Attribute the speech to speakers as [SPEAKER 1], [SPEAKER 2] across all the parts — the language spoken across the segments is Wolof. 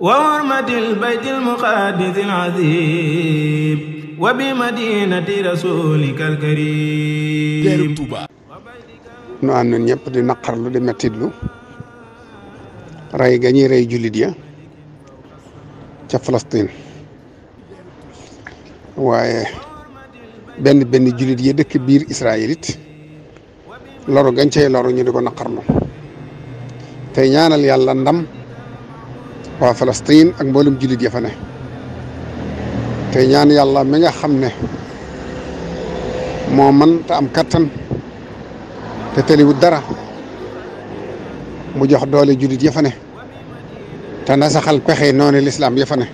[SPEAKER 1] وورمد البيت المقدس العظيم وبمدينة رسولك الكريم
[SPEAKER 2] nu ànd ñëpp di naqarlu di mettitlu rey ga ñuy rey jullit ya ca Palestine waaye benn benn jullit ya dëkk biir Israël loru gañ cay loru ñu di ko naqarlu ñaanal ndam waa Palestine ak mboolum jullit ya fa ne te ñaan yàlla mi nga xam ne moo man te am kattan te tëliwut dara mu jox doole jullit ya fa ne te nasaxal pexe noonu lislaam ya fa ne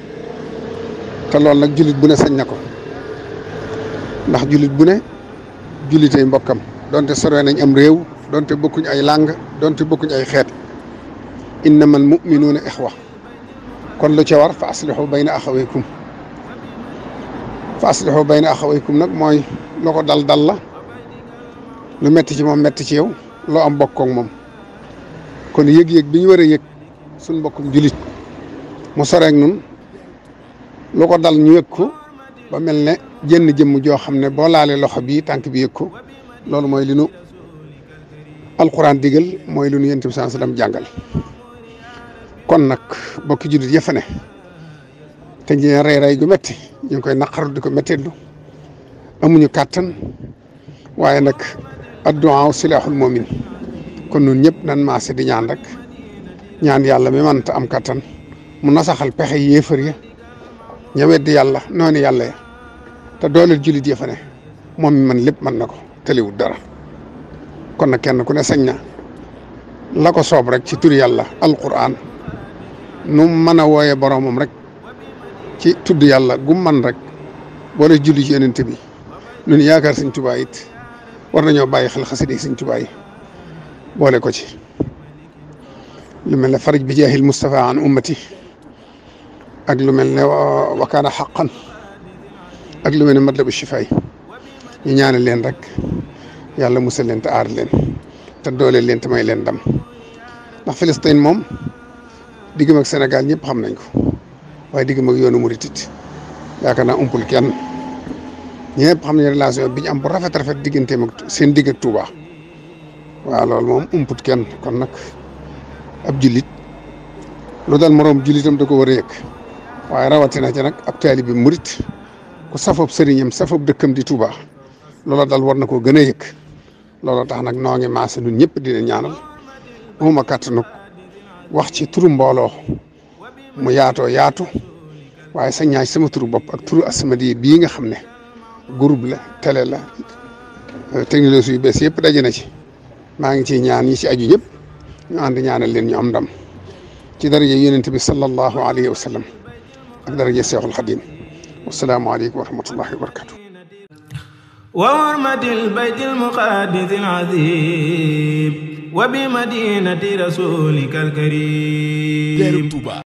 [SPEAKER 2] te loolu nag jullit bu ne sañ na ko ndax jullit bu ne jullitey mbokkam donte sore nañ am réew donte bokkuñ ay làng donte bokkuñ ay xeet na innamal mu'minuuna ixwa kon lu ca war fa aslihu bayna axawaykum fa aslihu bayna axawaykum nag mooy lu ko dal dal la lu metti ci moom metti ci yow loo am bokk moom kon yëg-yëg bi ñu war a yëg suñ mbokkum julit mu soreek nun lu ko dal ñu yëg ko ba mel ne jenn jëmm joo xam ne boo laalee loxo bii tànk bi yëg ko loolu mooy li nu alquran digal mooy li nu yonent bi sallallahu jàngal kon nag bokki jullit yëfa ne te ngeen rey rey gu métti ñu ngi koy naqaru di ko métteelu amuñu kàttan waaye nag adduwaa silaaxul moomin kon nun ñëpp nan maase di ñaan rek ñaan yàlla mi man ta am kàttan mu nasaxal pexe yéefar ya ña weddi yàlla noonu yàlla ya te doole jullit yëfa ne moom mi man lépp mën na ko tëliwut dara kon nag kenn ku ne sañ na la ko soob rek ci tur yàlla alquran nu mën a wooyee boroomam rek ci tudd yàlla gum man rek boole julli ci yonent bi ñun yaakaar Sëñ Tuubaa it war nañoo bàyyi xel xasida yi Sëñ Tuubaa yi boole ko ci lu mel ne faraj bi jaahil Mustafa an ummati ak lu mel ne wakaana xaqan ak lu mel ne matlabu shifaay ñu ñaane leen rek yàlla musal leen te aar leen te dooleel leen te may leen ndam ndax Filistin moom diggam ak Sénégal ñëpp xam nañ ko waaye diggam ak yoonu murit it yaakaar naa umpul ken ñëpp xam nañ relation bi ñu am bu rafet rafet digganteem ak seen digg ak Touba waaw moom umput kenn kon nag ab jullit lu dal moroom jullitam da ko war a yëg waaye rawatina ci nag ab taalibe murit ku safab sëriñam safab dëkkam di Touba loola dal war na ko gën a yëg loola tax nag noo ngi maase ñun ñëpp di leen ñaanal moom a kàttanu wax ci turu mbooloo mu yaatoo yaatu waaye sa ñaay sama turu bopp ak turu Asmadiya bii nga xam ne groupe la télé la euh, technologie yu bees yëpp daje na ci maa ngi ciy ñaan ñi ci aju ñëpp ñu ànd ñaanal leen ñu am ndam ci daraja yonent bi sallallahu alayhi wa sallam ak daraja Seexul Xadiim wasalaamualeykum wa rahmatullahi wa barakatu
[SPEAKER 1] وحرمة البيت المقدس العظيم وبمدينة رسولك الكريم